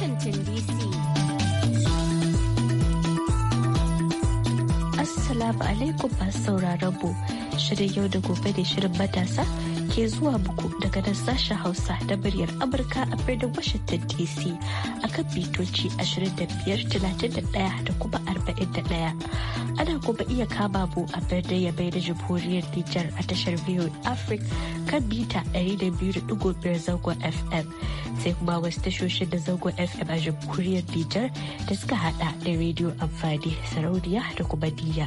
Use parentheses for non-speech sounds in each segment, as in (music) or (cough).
Washington DC. Assalamu alaikum masu sauraron mu. Shirin yau da gobe da shirin matasa ke zuwa buku daga nan sashen Hausa da muryar Amurka a birnin Washington DC a kan bitoci 25,31 da kuma 41. Ana kuma iya kama mu a ya bai da Jamhuriyar Nijar a tashar biyu Africa kan mita 200.5 zangon FM sai kuma wasu tashoshin da zangon FM a jamhuriyar Nijar da suka hada da rediyo amfani sarauniya da kuma diya.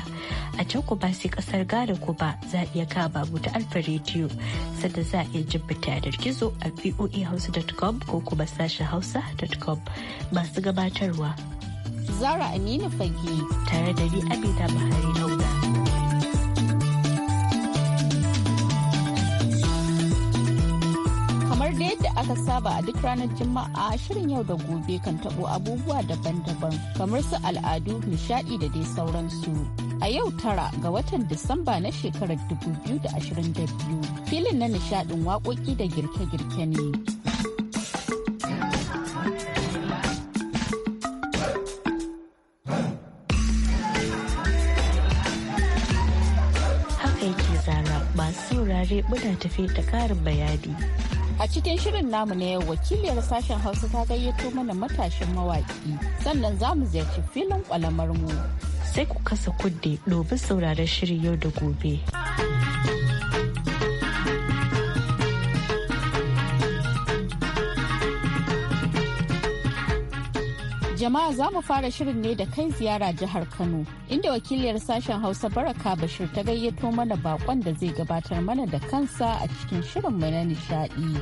A can kuma sai kasar Ghana kuma za a iya kama mu ta alfa rediyo sanda za a iya jin a yanar gizo a voahausa.com ko kuma sashen hausa.com masu gabatarwa. Zara Aminu Fage tare da ni Amina Bahari Hau. aka saba a duk ranar Juma'a shirin yau da gobe kan tabo abubuwa daban-daban kamar su al'adu, nishadi da dai sauransu. A yau tara ga watan Disamba na shekarar 2022 filin na nishadin waƙoƙi da girke-girke ne. saurare muna tafi da karin bayani A cikin shirin namu na yau wakiliyar sashen Hausa ta gayyato mana matashin mawaki sannan za mu ziyarci filin kwalamar mu. Sai ku kasa kudde domin sauraren shirin yau da gobe. Jama'a za mu fara shirin ne da kai ziyara jihar Kano, inda wakiliyar sashen Hausa Baraka Bashir ta gayyato mana bakon da zai gabatar mana da kansa a cikin shirin mai na nishadi.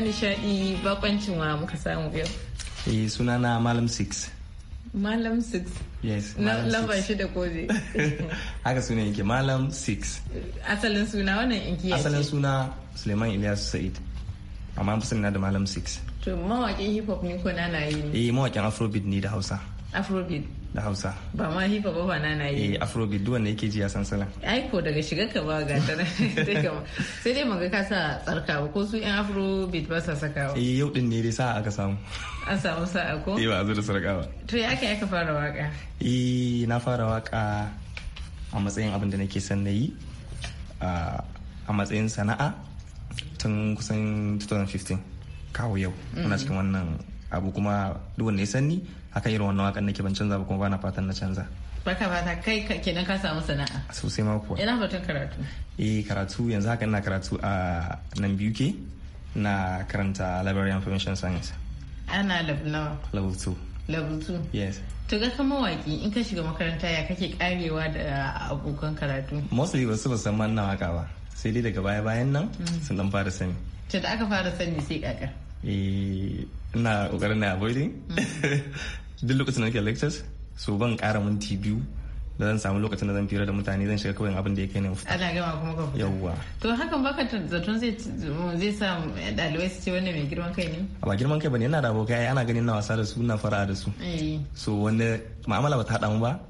nishadi bakwancin wa muka samu yau eh suna na malam six malam six yes na lamba shi da koje (laughs) haka suna yake malam six asalin suna wannan inki yake asalin suna suleiman ilyas sa'id amma fi sani na da malam six to mawakin hip hop ne ko na na yi ne eh mawakin afrobeat ne da hausa afrobeat da hausa ba ma hifa ba na na yi eh afrobeat duk yake ji ya san salon ai ko daga shiga ka ba ga ta (laughs) sai dai manga ka sa tsarka ba ko su yan afrobeat ba sa ba eh yau din ne dai sa aka samu an samu sa'a ko eh ba zo da ba to ya kai aka fara waka eh na fara waka a matsayin abin da nake son na yi a matsayin sana'a tun kusan 2015 kawo yau ina mm-hmm. cikin wannan abu kuma duk wanda ya sanni haka irin wannan wakan nake ban canza ba kuma bana fatan na canza Barka fata kai kenan ka samu sana'a sosai ma kuwa ina batun karatu eh karatu yanzu haka ina karatu a nan biyu ke na karanta library information science ana level nawa level 2 level 2 yes to ga kama waki in ka shiga makaranta ya kake karewa da abokan karatu mostly ba su ba san man na waka ba sai dai daga baya bayan nan mm. sun dan fara sani to da aka fara sani sai kakar E, ina kokarin na avoiding mm. (laughs) duk lokacin da nake lectures so ban kara minti biyu da zan samu lokacin da zan fira da mutane zan shiga kawai abin da ya kai ne fita. Ana gama kuma ka Yawwa. To hakan baka zaton zai zai sa dalibai su ce wanda mai girman kai ne? Ba girman kai bane yana da abokai ana ganin na wasa da su na fara da su. Eh. So wanda ma'amala ba ta haɗa mu ba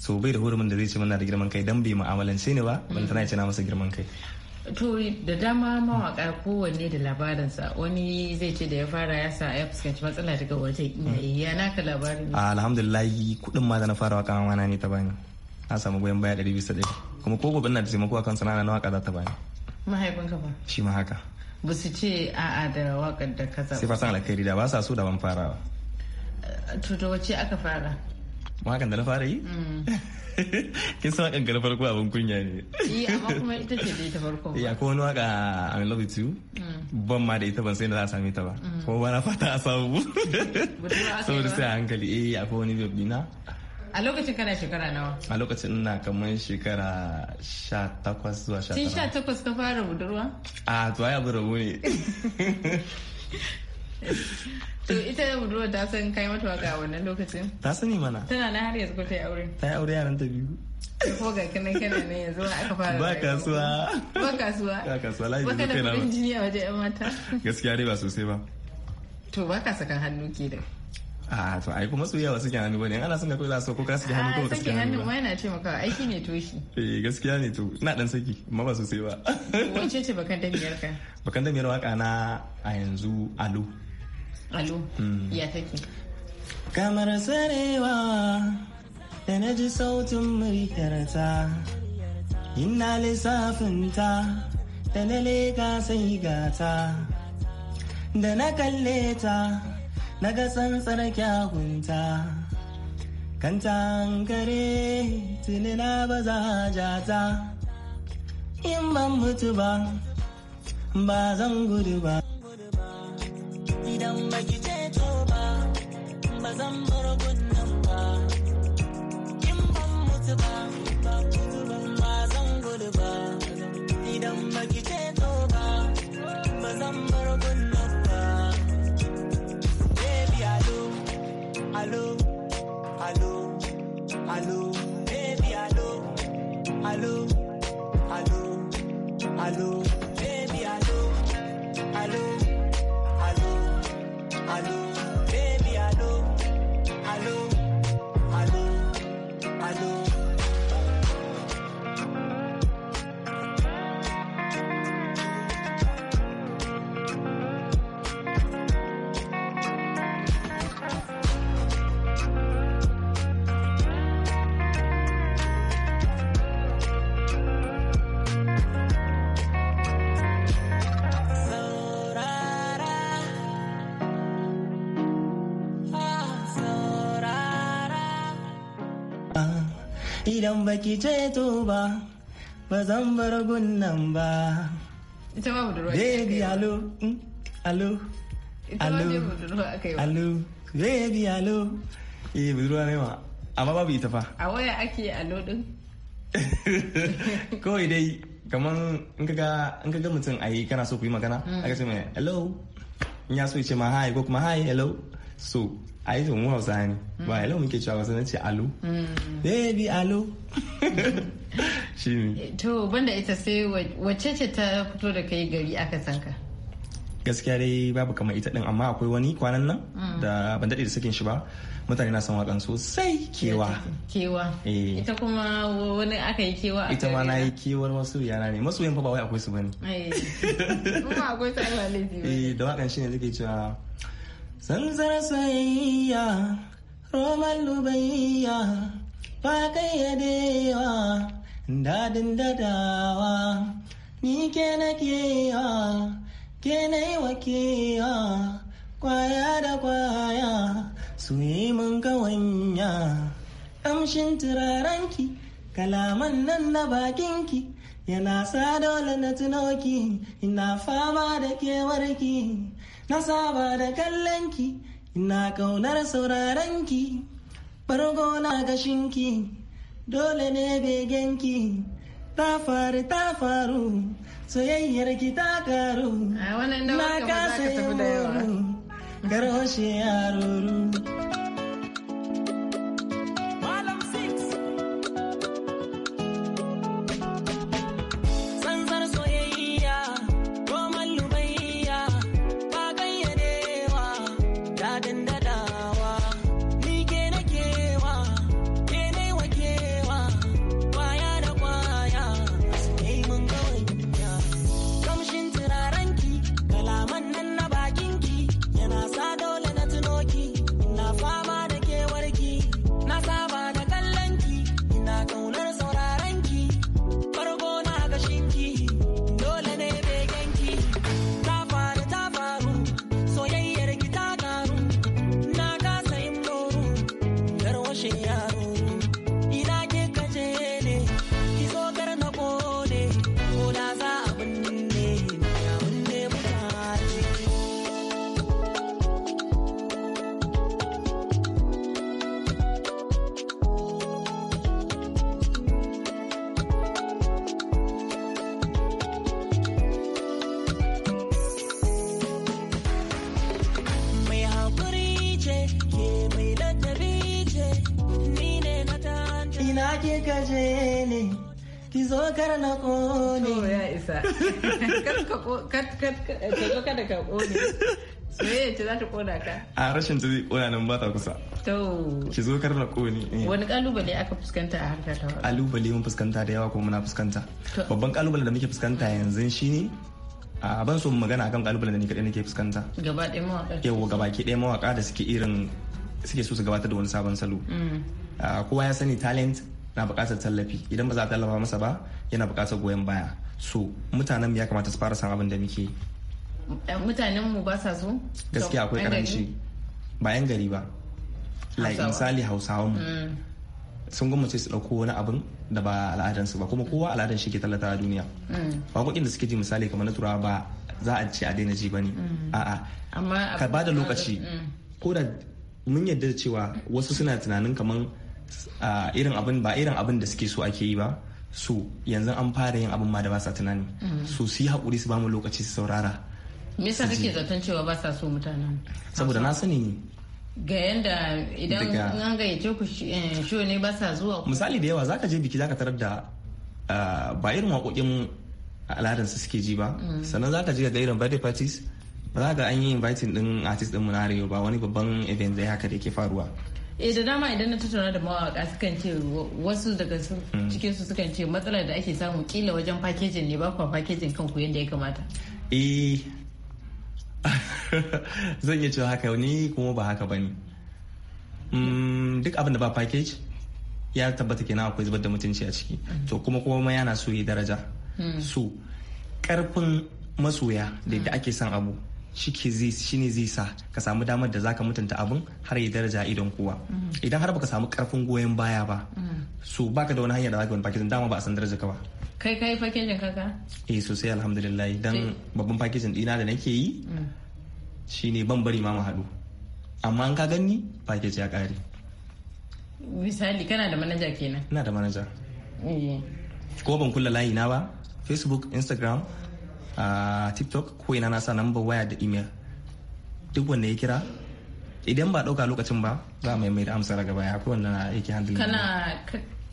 so bai da hurumin da zai ce muna da girman kai dan bai mu'amalance ne ba ban tana ce na masa girman kai. to da dama mawaka kowanne da labarinsa wani zai ce da ya fara ya sa ya fuskanci matsala daga wata iyaye mm. eh, ya naka labarin ah, alhamdulillah kudin ma da na fara waka mana ne ta bani na samu goyon baya ɗari bisa ɗari kuma ko gobe na da taimako akan sana'a na waka za ta bani mahaifinka ba shi ma haka ba su ce a'a da wakar da kaza sai fasan alkhairi da ba sa so da ban farawa to da wace aka fara wakan da na fara yi mm. (laughs) kin san wakan na farko abin kunya ne eh amma kuma ita ce dai ta farko ya eh, ko wani waka I love you too mm. ban ma da ita ban sai da za a same ta ba mm. ko ba na fata a samu (laughs) saboda sai a hankali eh akwai wani baby na a lokacin kana shekara nawa a lokacin ina kamar shekara sha takwas zuwa sha tara tun sha takwas ka fara budurwa a ah, to ai abu ne (laughs) to ita budurwa ta san kai mata waka a wannan lokacin ta sani mana tana na har yanzu ko ta yi aure ta yi aure yaran ta biyu ko ga kana kana ne yanzu aka fara ba kasuwa ba kasuwa ba kasuwa lai ba kana kudin jini a wajen yan mata gaskiya dai ba sosai ba to ba ka sakan hannu ke da a to ai kuma soyayya ba suke hannu bane ana son ka koyi so ko ka suke hannu ko ka suke hannu ba yana ce maka aiki ne to shi eh gaskiya ne to ina dan saki amma ba sosai ba wace ce bakan da ka bakan da biyar waka na a yanzu alu Hmm. ya take kamar sarewa da na ji sautin muryarta ina ta da na leka sai gata da na kalle ta na ga tsantsar kyakunta. kanta kare tuni na ba za jata in ban mutu ba ba zan gudu ba idan baki ba ba zan bar ba kin ban mutu ba ba zan gudu ba idan baki ba ba zan bar ba baby alo alo alo alo baby alo alo alo alo baby alo alo one. baki ceto ba ba zan bar gunnan ba ita ma budurwa ce baby alo mm, alo alo alo baby alo eh budurwa ne ma amma babu ita fa a waya ake alo din (laughs) kawai dai kamar in ka ga in ka ga mutum a yi kana so ku yi magana mm. aka ce mai hello in ya so ya ce ma hi ko kuma hi hello so a yi tun hausa ne ba yalo muke cewa wasu ce alo baby alo shi ne to banda ita sai wacce ce ta fito da kai gari aka sanka. gaskiya dai babu kamar ita din amma akwai wani kwanan nan mm. da ban daɗe da sakin shi ba mutane na son wakan sosai kewa kewa eh. ita kuma wani aka yi kewa a ita ma na yi kewar wasu yana ne masoyin fa ba wai akwai su bane eh. kuma akwai tsari ne. ba ba (laughs) eh, da wakan shi ne ke cewa zanzar sayayya, roman lubayya ba kai ya dewa dadin dadawa ni ke na kewa ke na yi wa kewa kwaya da kwaya su yi mun kawanya kamshin turarenki kalaman nan na bakinki yana sa dole na tunoki ina fama da kewarki na saba da kallonki ina kaunar sauraronki farko na gashinki dole ne begenki ta faru ta faru soyayyar ki ta karu na kasa yi ya ruru. ki kaje ne ki zo kar na kone ya isa (laughs) kada ka kone soyayya ce za ta kona ka a rashin ta zai kona nan ba ta kusa to ki zo kar na kone eh. wani kalubale aka fuskanta a harkar ta kalubale mun fuskanta da yawa kuma muna fuskanta babban kalubale da muke fuskanta yanzu shine a ban so magana akan kalubalen da ni kadai nake fuskanta gaba ɗaya mawaƙa yawa gaba ki ɗaya mawaƙa da suke irin suke so su gabatar da wani sabon salo mm. kowa ya sani talent na buƙatar tallafi idan ba za a tallafa masa ba yana buƙatar goyon baya so mutanen ya kamata su fara san abin da muke eh, mutanen mu ba sa so gaskiya akwai karanci 'Yan gari ba like misali hausawa mu mm. sun ce su dauko wani abin da ba al'adansu ba kuma kowa al'adan shi ke tallata a duniya mm. waƙoƙin da suke ji misali kamar na turawa ba za a ce a daina ji ba ne mm. amma ka ba da lokaci ko da mun yarda da cewa wasu suna tunanin kamar irin abin ba irin abin da suke so ake yi ba so yanzu an fara yin abin ma da ba sa tunani mm-hmm. so su yi haƙuri su bamu lokaci su saurara me yasa kake zaton cewa ba sa so mutanen saboda na sani ne ga yanda idan an yace ku eh, sho ne ba sa zuwa misali da yawa zaka je biki zaka tarar da ba irin waƙoƙin al'adar su suke ji ba mm. sannan zaka je ga irin birthday parties ba za ga an yi inviting din artist din mu na ba wani babban event zai haka da yake faruwa eh da dama idan na tattauna da mawaka sukan ce wasu daga mm. cikin su sukan ce matsalar da ake samu kila wajen fakejin ne ba kwa fakejin kanku yadda ya kamata eh (laughs) zan iya cewa haka ni kuma ba haka bane mm, duk abin da ba package ya tabbata kenan akwai zubar da mutunci a ciki mm. to kuma kuma yana so yi daraja so karfin masoya da ake son abu shike zai ne zai sa ka samu damar da zaka mutunta abun har yi daraja idon kowa mhm. idan har baka samu karfin goyon baya ba mhm. so baka da wani hanya da zaka wani packaging dama ba a san daraja ka ba kai kai packaging kaka eh sosai alhamdulillah dan babban packaging dina da nake yi mm. shine ban bari ma mu haɗu amma an ka gani package ya ƙare misali kana da manaja kenan ina da manaja eh. Ko ban kula layi na ba facebook instagram a tiktok ko ina na sa number waya da email duk wanda ya kira idan ba ɗauka lokacin ba za mai da amsa daga baya ko wanda yake handle kana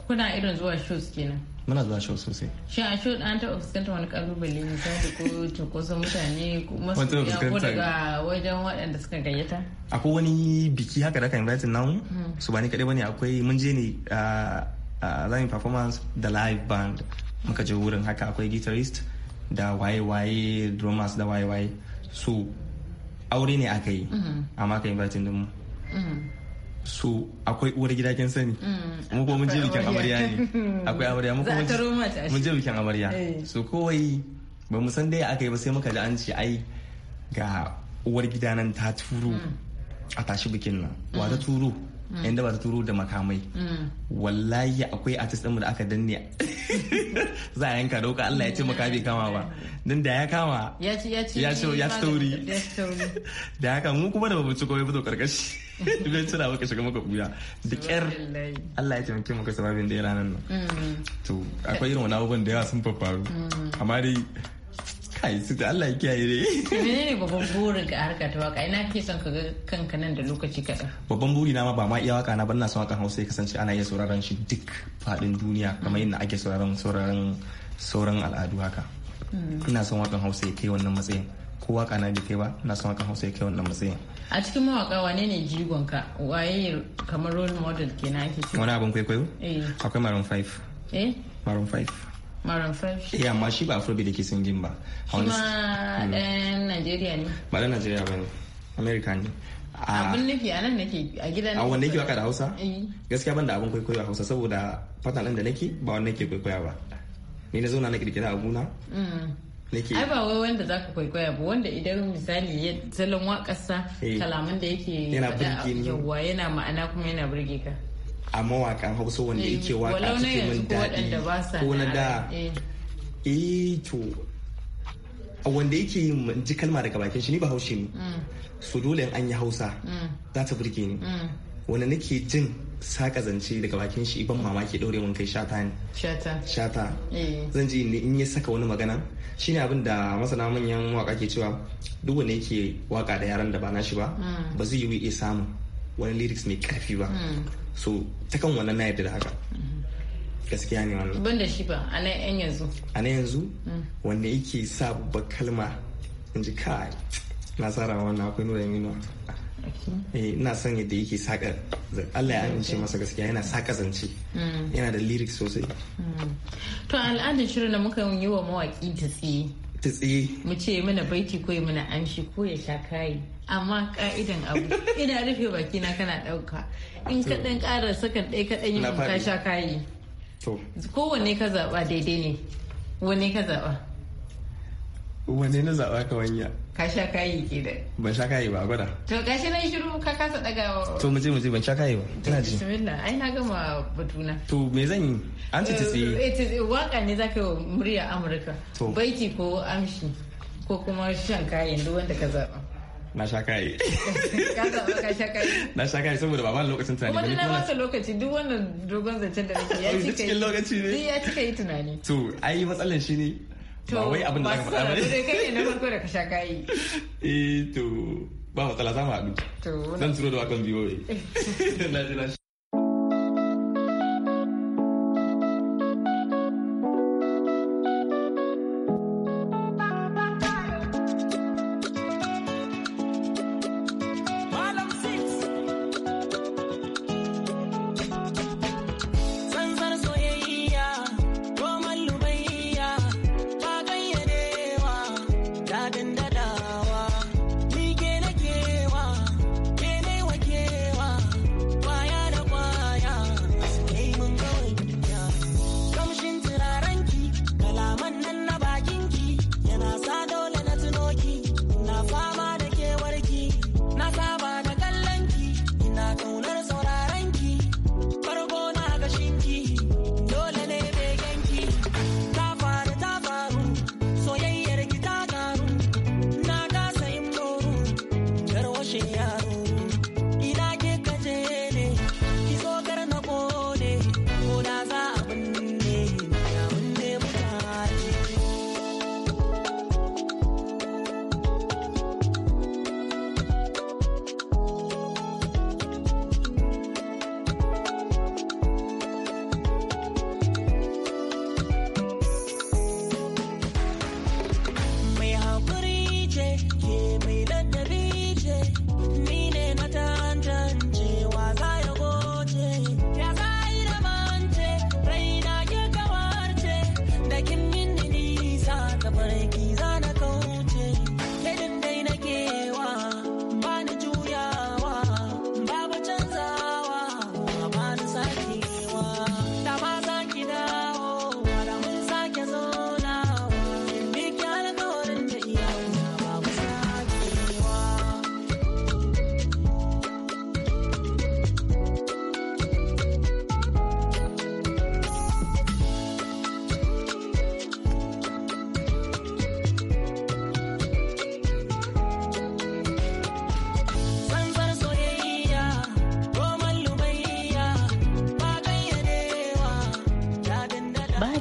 kuna irin zuwa shows kenan muna zuwa shows sosai shi a show an ta fuskantar wani kalubale da ko cunkoson mutane ko ya ko daga wajen waɗanda suka gayyata akwai wani biki haka da ka invite nan hmm. su ba ni kaɗai bane akwai mun je ne za zamin performance da live band muka je wurin haka akwai guitarist da waye-waye drummers da waye-waye so aure ne aka yi mm-hmm. amma ka inviting da mu so akwai uwar gida kin sani mm-hmm. mu ko mun je bikin amarya ne akwai amarya mu ko mun (laughs) je bikin amarya eh. so kawai ba mu san dai aka yi ba sai muka ji an ce ai ga uwar gida nan ta turo mm. a tashi bikin nan wa ta mm-hmm. turo Mm. yan daba ta turo da makamai mm. wallahi akwai a ɗinmu da aka danne (laughs) za a yanka dauka Allah ya ce maka bai kama ba dan da ya kama ya ci ya ci. tauri (laughs) da haka mu kuma da babu cikowai fito karkashi bai (laughs) cina maka shiga maka buya da kyar Allah ya taimake maka sababin da ya ranar nan mm. to akwai irin wani abubuwan da yawa sun faru amma dai kai su da Allah ya ne ne babban burin ka harka ta waka ina ke son ka ga kanka nan da lokaci kaɗan babban buri na ma ba ma iya waka na banna son wakan Hausa ya kasance ana iya sauraron shi duk faɗin duniya kamar yadda ake sauraron sauraron sauran al'adu haka hmm. ina son wakan Hausa ya kai wannan matsayin ko waka na bai kai ba ina son wakan Hausa ya kai wannan matsayin a cikin mawaka wane ne jigon ka waye kamar role model kenan ake cewa wani abin kwaikwayo eh. akwai maroon 5 eh maroon 5 Maroon 5. Eh amma shi ba Afrobeat yake singin ba. Shi ma ɗan hmm. eh, Najeriya ne. Ba ɗan Najeriya ba ne. America ne. Ah. abin nufi a nan nake a gidan a wanda yake waka da hausa eh. gaskiya ban da abin kwaikwayo a hausa saboda fatan ɗan da nake ba wanda nake kwaikwaya ba ni na zauna na kirkira a guna mm. nake ai ba wai wanda zaka kwaikwaya ba wanda idan misali ya salon wakarsa eh. kalaman da yake yana burge ni yana ma'ana kuma yana burge ka a mawakan hausa wanda eh, yake waka cikin min daɗi ko na da eh. eh to wanda yake yin ji kalma daga bakin shi ni ba haushe ne mm. so dole an yi hausa mm. za ta burge ni mm. wanda nake jin saka zance daga bakin shi ban mamaki daure mun kai shata ne shata eh. zan ji in ya saka wani magana ne abin da masana manyan waka ke cewa duk wanda yake waka da yaran da ba nashi ba ba zai yi iya samu wani lyrics mai karfi ba hmm. so ta kan wannan na yadda da haka hmm. gaskiya ne wannan ban da shi ba a nan yan yanzu a nan yanzu hmm. wanda yake sa babbar kalma in ji kai na tsara wannan akwai nura yaminu eh, ina son yadda yake saka Allah ya amince masa gaskiya yana saka zance yana da lyrics sosai to al'adar shirin da muka yi wa mawaki ta tsaye tsaye. mu ce mana baiti ko mana amshi ko ya sha kayi amma ka'idan abu ina rufe baki na kana dauka in ka dan ƙara sakan ɗaya ka dan yi ka sha kayi kowanne ka zaba daidai ne wanne ka zaba wanne na zaba ka wanya ka sha kayi ke da ban sha kayi ba gwada to gashi nan shiru ka kasa daga to muje muje ban sha kayi ba ina ji bismillah ai na gama batuna to me zan yi an ce tsiye eh, eh, eh, waka ne zaka yi murya amurka baiti ko amshi ko kuma shan kayi duk wanda ka zaba na (laughs) sha kayi na sha kayi saboda baban lokacin tunani wani na masa lokaci duk wannan dogon zancen da nake (laughs) ya cika yi tunani to ai matsalan shi ne ba wai abin da zaka faɗa ba ne kai ne na farko da ka sha kayi (laughs) eh to ba matsala za mu haɗu zan turo da wakan biyo (laughs) na ji na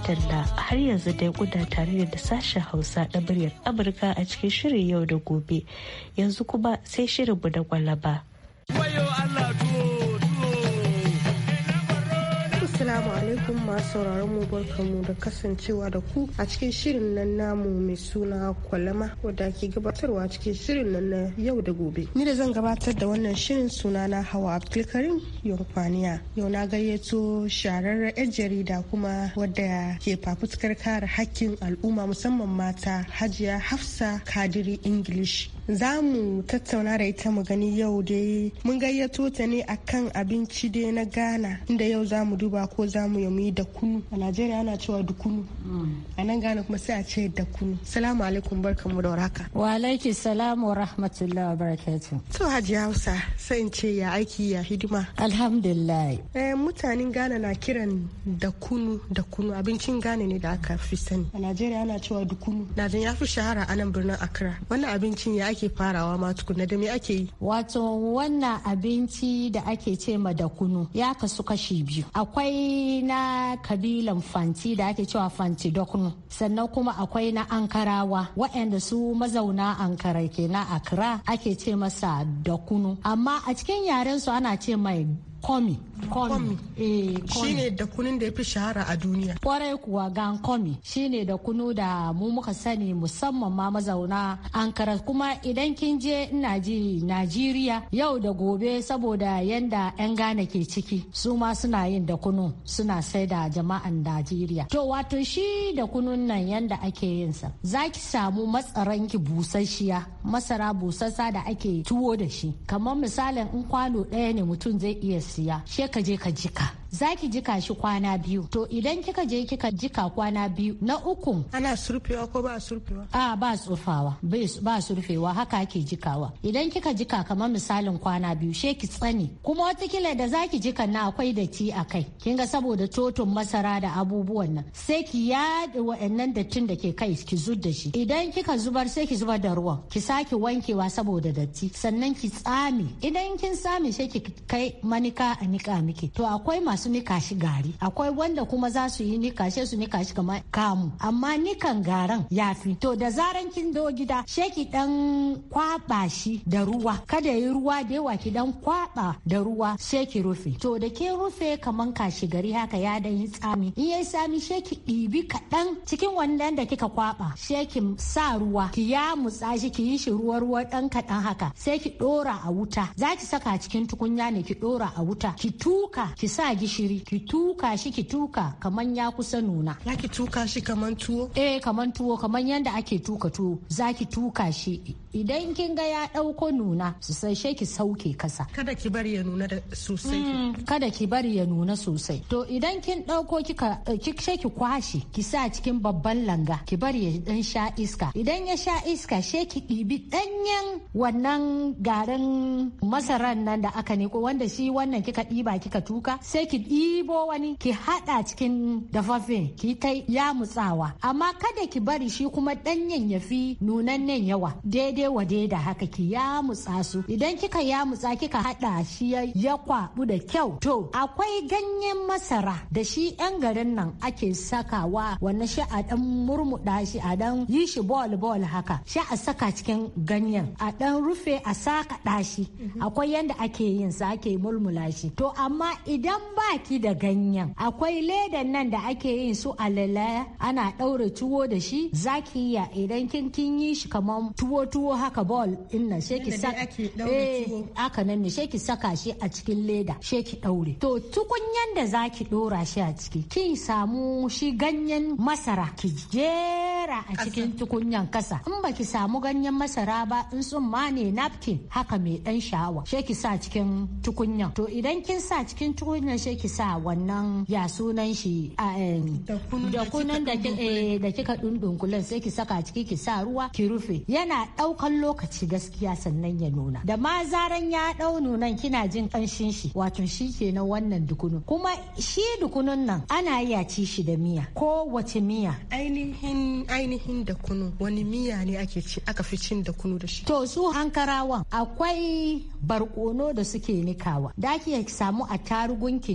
talla har yanzu dai kuda tare da sashen hausa da muryar amurka a cikin shirin yau da gobe yanzu kuma sai shirin da kwalaba. masu sauraron mu barkamu da kasancewa da ku a cikin shirin nan namu mai suna kwalama wadda ke gabatarwa cikin shirin nan na yau da gobe. Ni da zan gabatar da wannan shirin suna na Hawa Abdulkarim Yankwaniya. Yau na gayyato shararren 'yan jarida kuma wadda ke fafutukar kare hakkin al'umma musamman mata Hajiya Hafsa Kadiri English. Za mu tattauna da ita mu gani yau dai mun gayyato ta ne akan abinci dai na Ghana inda yau za mu duba ko za mu yi da kunu a najeriya ana cewa da kunu mm. a nan gane kuma sai a ce da kunu salamu alaikum barkanmu da warhaka wa alaiki salamu wa rahmatullahi wa barakatu to hajiya hausa sai in ce ya aiki ya hidima alhamdulillah eh mutanen gane na kiran da kunu da kunu abincin gane ne da aka fi sani a najeriya ana cewa da kunu na ya fi shahara a nan birnin accra wannan abincin ya ake farawa ma tukuna da me ake yi wato wannan abinci da ake ce ma da kunu ya kasu kashi biyu akwai na kabilan fanti da ake cewa fanti dokno sannan kuma akwai na ankarawa waɗanda su mazauna ankara ke na akra ake ce masa dokunu amma a cikin yaren su ana ce mai komi eh, komi shine da kunun da yafi shahara a duniya kwarai kuwa gan komi shine da kunu da mu muka sani musamman ma mazauna Ankara kuma idan kin je ji Najeriya yau da gobe saboda yanda 'yan Ghana ke ciki su ma suna yin da kunu suna sai da jama'an Najeriya to wato shi da kunun nan yanda ake yin sa za ki samu matsaranki busasshiya masara busassa da ake tuwo da shi kamar misalin in kwano ɗaya ne mutum zai iya siya she ka je ka jika za ki jika shi kwana biyu to idan kika je kika jika kwana biyu na uku ana surfewa ko ba surfewa a ba tsufawa ba surfewa haka ake jikawa idan kika jika kamar misalin kwana biyu she ki tsani kuma watakila da zaki ki jika na akwai datti a kai kin ga saboda totun masara da abubuwan nan sai ki yaɗi wa'annan dattin da ke kai ki zub da shi idan kika zubar sai ki zubar da ruwan ki sake wankewa saboda datti sannan ki tsame idan kin sami sai ki kai manika a nika miki to akwai masu masu nika shi gari akwai wanda kuma za su yi nika she su nika shi kamar kamu amma nikan garan ya fi to da zaran kin do gida sheki dan kwaba shi da ruwa kada yi ruwa da yawa ki dan kwaba da ruwa sheki rufe to da ke rufe kaman kashi gari haka ya dan yi tsami in yayi tsami sheki ɗibi kaɗan cikin wannan da kika kwaba sheki sa ruwa ki ya mutsa shi ki yi shi ruwa ruwa dan kaɗan haka sai ki ɗora a wuta za ki saka cikin tukunya ne ki ɗora a wuta ki tuka ki sa gishi gishiri ki tuka shi ki tuka kaman ya kusa nuna za ki tuka shi kaman tuwo eh kaman tuwo kaman yanda ake tuka tuwo za ki tuka shi idan kin ga ya dauko nuna sosai ki sauke kasa kada ki bari ya nuna da sosai mm, kada ki bari ya nuna sosai to idan kin dauko kika eh, ki ki kwashi ki sa cikin babban langa ki bari ya dan sha iska idan ya sha iska she ki dibi danyen wannan garin masaran nan da aka ne ko wanda shi wannan kika diba kika tuka sai ki ɗibo wani ki haɗa cikin dafaffe ki ta mutsawa amma kada ki bari shi kuma ɗanyen ya fi nunannen yawa daidai wa da haka ki ya mutsa su idan kika ya mutsa kika haɗa shi ya kwaɓu da kyau to akwai ganyen masara da shi 'yan garin nan ake sakawa wannan shi a ɗan murmuɗa shi a ɗan yi shi bol bol haka shi a saka cikin ganyen a ɗan rufe a saka ɗashi mm-hmm. akwai yanda ake yin sa ake mulmula shi to amma idan ba baki da ganyen akwai ledan nan da ake yin su alala ana ɗaure tuwo da shi zaki iya idan kin kin yi shi kamar tuwo tuwo haka ball din nan sheki saka eh aka nan sheki saka shi a cikin leda sheki ɗaure to tukunyan da zaki ɗora shi a ciki kin samu shi ganyen masara ki jera a cikin tukunyan kasa in baki samu ganyen masara ba in ma ne napkin haka mai ɗan sha'awa sheki sa cikin tukunyan to idan kin sa cikin tukunyan sai ki sa wannan ya sunan shi a da kunan da kika dundunkulan eh, sai ki saka ciki ki sa ruwa ki rufe yana daukan lokaci gaskiya sannan ya nuna da ma zaran ya dau nunan kina jin kanshin shi wato shi kenan wannan dukunu kuma shi dukunun nan ana iya ci shi da miya ko wace miya ainihin ainihin da kunu wani miya ne ake ci aka fi cin da kunu da shi to su hankarawan akwai barkono da suke nikawa da ki samu a tarugunki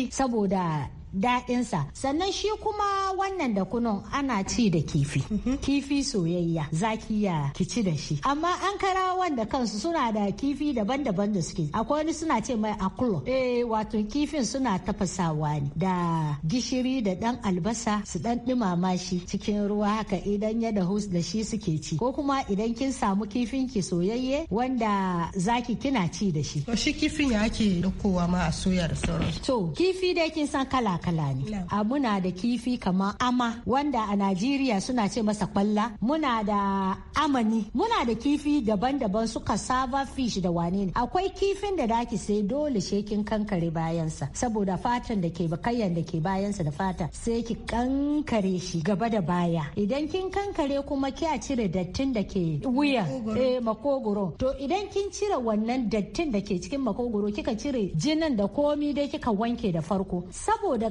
saboda daɗinsa sannan shi kuma wannan da kunun ana ci da kifi mhm. kifi soyayya zaki ya kici da shi amma an kara wanda kansu suna da kifi daban-daban da suke akwai wani suna ce mai akulo eh wato kifin suna tafasawa ne da gishiri da dan albasa su dan dumama shi cikin ruwa haka idan ya da da shi suke ci ko kuma idan kin samu kifin ki soyayye wanda zaki kina ci da shi to shi kifin ya ke daukowa ma a soya sauransu to kifi dai kin san kala kala ne. A ah, muna da kifi kama ama wanda a Najeriya suna ce masa kwalla. Muna da amani. Muna da kifi daban-daban su cassava fish da wane ne. Akwai kifin da daki sai dole shekin kankare bayansa. Saboda fatan da ke bakayyan da ke bayansa da fata sai ki kankare shi gaba da baya. Idan kin kankare kuma kiya cire dattin da ke wuya eh makogoro. To idan kin cire wannan dattin da ke cikin makogoro kika cire jinin da komi dai kika wanke da farko. Saboda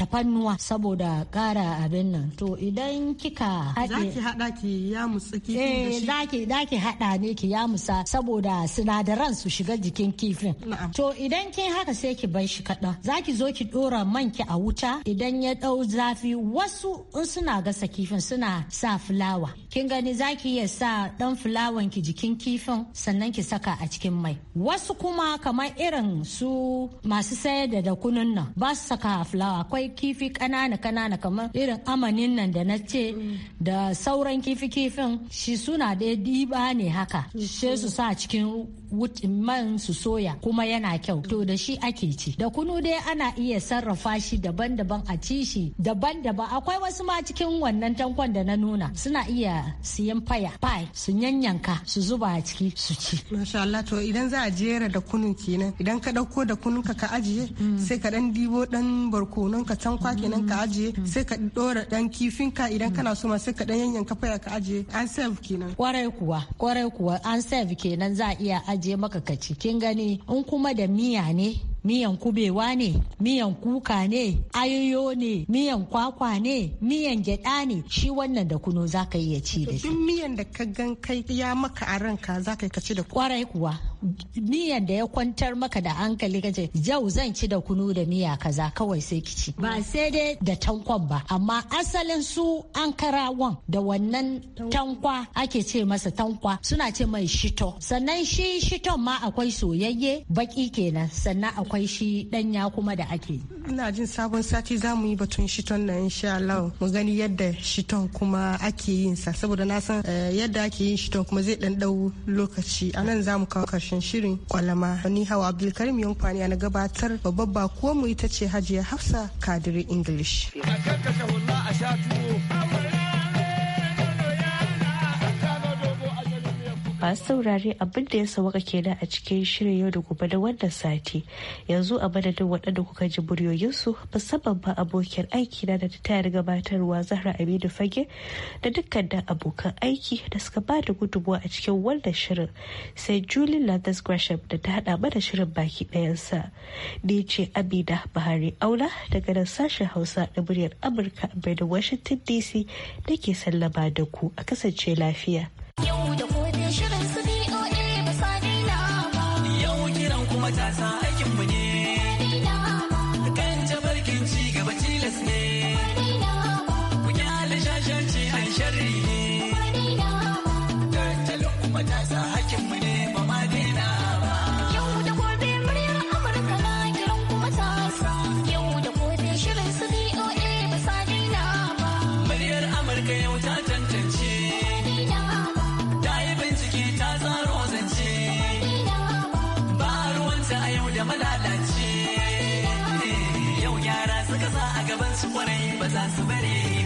tafannuwa saboda kara abin nan to idan kika haɗe zaki haɗa ki ya musa kifin eh, da shi zaki zaki haɗa ne ki ya musa saboda sinadaran su shiga jikin kifin to idan kin haka sai ki bar shi kaɗan zaki zo ki ɗora man ki a wuta idan ya ɗau zafi wasu in suna gasa kifin suna sa fulawa kin gani zaki iya sa ɗan fulawan ki jikin kifin sannan ki saka a cikin mai wasu kuma kamar irin su masu sayar da kunun nan ba su saka fulawa yawa akwai kifi kanana kanana kamar irin amanin nan da na ce da sauran kifi kifin shi suna da diba ne haka mm. shi su sa cikin man su soya kuma yana kyau to da shi ake ci da kunu dai ana iya sarrafa shi daban-daban a ci shi daban-daban akwai wasu ma cikin wannan tankon da na nuna suna iya siyan faya pie su yanyanka su zuba a ciki su ci masha Allah to idan za a jera da kunun kenan idan ka dauko da kunun ka ka ajiye mm. sai ka dan dibo dan barkonon ka tankwa kenan ka ajiye mm. sai ka dora dan kifin ka idan kana so ma sai ka dan yanyanka faya ka ajiye an serve kenan kwarai kuwa kwarai kuwa an serve kenan za a iya je maka ci kin gani in kuma da miya ne miyan kubewa ne miyan kuka ne ayoyo ne miyan kwakwa ne miyan gyada ne shi wannan da kuno za ka iya ci da shi duk miyan da ka gan kai ya maka a ranka za ka ci da kwarai kuwa miyan da ya kwantar maka da hankali ce yau zan ci da kunu da miya kaza kawai sai ki ci ba sai dai da tankwan ba amma asalin su an karawan da wannan tankwa ake ce masa tankwa suna ce mai shito sannan shi shiton ma akwai soyayye baki kenan sannan akwai akwai shi danya kuma da ake ina jin sabon sati za mu yi batun shiton na insha Allah mu gani yadda shiton kuma ake yin sa saboda na san eh, yadda ake yin shiton kuma zai dan dau lokaci nan za mu kawo karshen shirin kwalama ni hawa abdulkarim kwani na gabatar babbar ba ko mu ita ce hajiya hafsa kadiri english a masu saurare abin da ya sauka kenan a cikin shirin yau da gobe da wannan sati yanzu a madadin waɗanda kuka ji buryoyinsu musamman ba abokin aiki na da ta gabatarwa zahra aminu fage da dukkan da abokan aiki da suka ba da gudubuwa a cikin wannan shirin sai julie lathers gresham da ta haɗa mana shirin baki ɗayansa ni ce da bahari aula daga nan sashen hausa da muryar amurka a da washington dc da ke sallama da ku a kasance lafiya. Somebody.